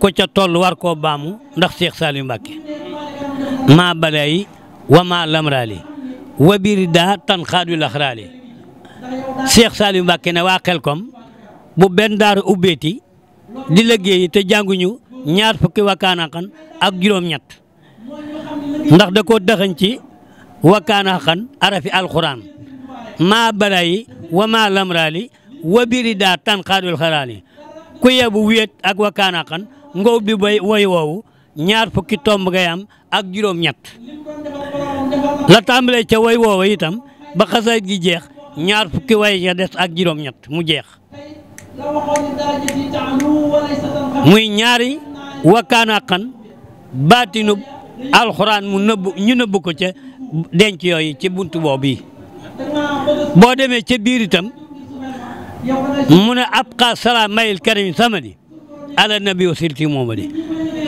ku ca toll war koo baamu ndax seex Saliou Mbacke maa balaayi wa maa lamraali wa biir daa tan xaadu laxraali Cheikh Saliou Mbacke ne waa Xelkom bu benn daara ubbeeti di liggéeyi te jànguñu ñaar fukki wakkaanaxan ak juróom-ñett ndax da koo dëxañ ci wakkaanaxan arafi alxuraan maa balaayi wa maa lamraali wa biir daa tan xaadu laxraali ku yebu wéet ak wakkaanaxan nga ubbi woy woowu ñaar fukki tomb ngay ak juróom-ñett la tàmbalee ca woy woowu itam ba xasayit gi jeex ñaar fukki way ya des ak juróom-ñett mu jeex muy ñaari wakkaanaqan baatinub alxuraan mu nëbb ñu nëbb ko ca denc yooyu ci bunt boobu yi boo demee ca biir itam mu ne abqa sala mayil karim samadi ala nabi wa silti moomadi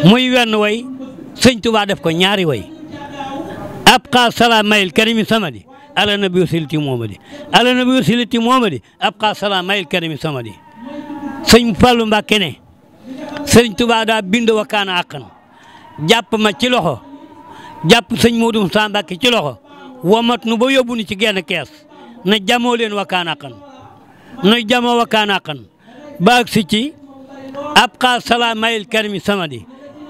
muy wenn way sëñ Tuubaa def ko ñaari way abqa salaamayil karimi samadi ala nabi wa silti moomadi ala nabi wa silti moomadi abqa salaamayil karimi samadi sëñ Fallu Mbàkke ne sëñ Tuubaa daa bind wa kaana àqan jàpp ma ci loxo jàpp sëñ Moodu Musaa Mbàkke ci loxo wamat nu ba yóbbu ci genn kees na jamoo leen wa kaana àqan na jamoo wa kaana àqan أبقى سلامي الكريم سمدي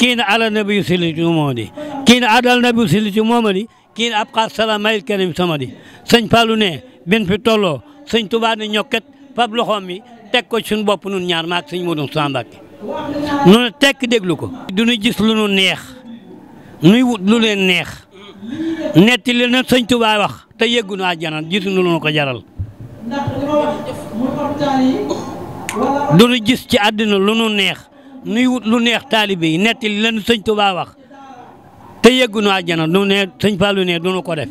كين على النبي صلى الله عليه وسلم كين على النبي صلى الله عليه وسلم كين أبقى سلامي الكريم سمدي سن فالو نه بن في طولو سن توبا نه ñokkat fab ko suñu bopp nun ñaar maak sëñ Modou Moussa Mbacké nun tekk déglu ko duñu gis lu nu neex nuy wut lu leen neex netti li na sëñ wax te yëggunu àjjana janan lu nu ko jaral du nu gis ci àddina lu nu neex nuy lu neex taalibe yi netti li leen sëñ Tuubaa wax te yëgguñu àjjana du ne sëñ Fallou ne du nu ko def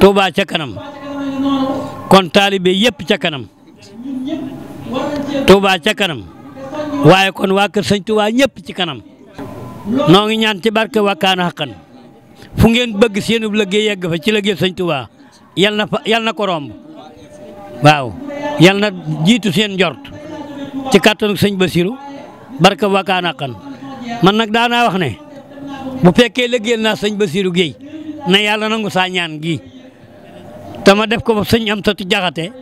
Tuubaa ca kanam kon taalibe yépp ca kanam Tuubaa ca kanam waaye kon waa kër sëñ Tuubaa ñëpp ci kanam noo ngi ñaan ci barke wakkaana xaqan fu ngeen bëgg seenub liggéey yegg fa ci liggéey sëñ Tuubaa na fa yal na ko romb waaw yal na jiitu seen njort ci kàttanu sëñ Basiru barka wakaanaqan man nag daanaa wax ne bu fekkee liggéeyal naa sëñ Basiru Géey na yàlla nangu saa ñaan gi tama def ko ba sëñ am satu jaxate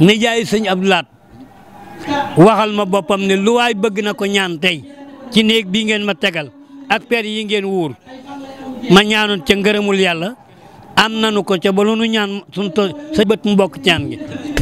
ne jaay sëñ Abdulaat waxal ma boppam ne lu waay bëgg na ko ñaan tey ci néeg bii ngeen ma tegal ak per yi ngeen wuur ma ñaanoon ca ngërëmul yàlla am nanu ko ca ba lu ñaan suñ to sa bët mu bokk gi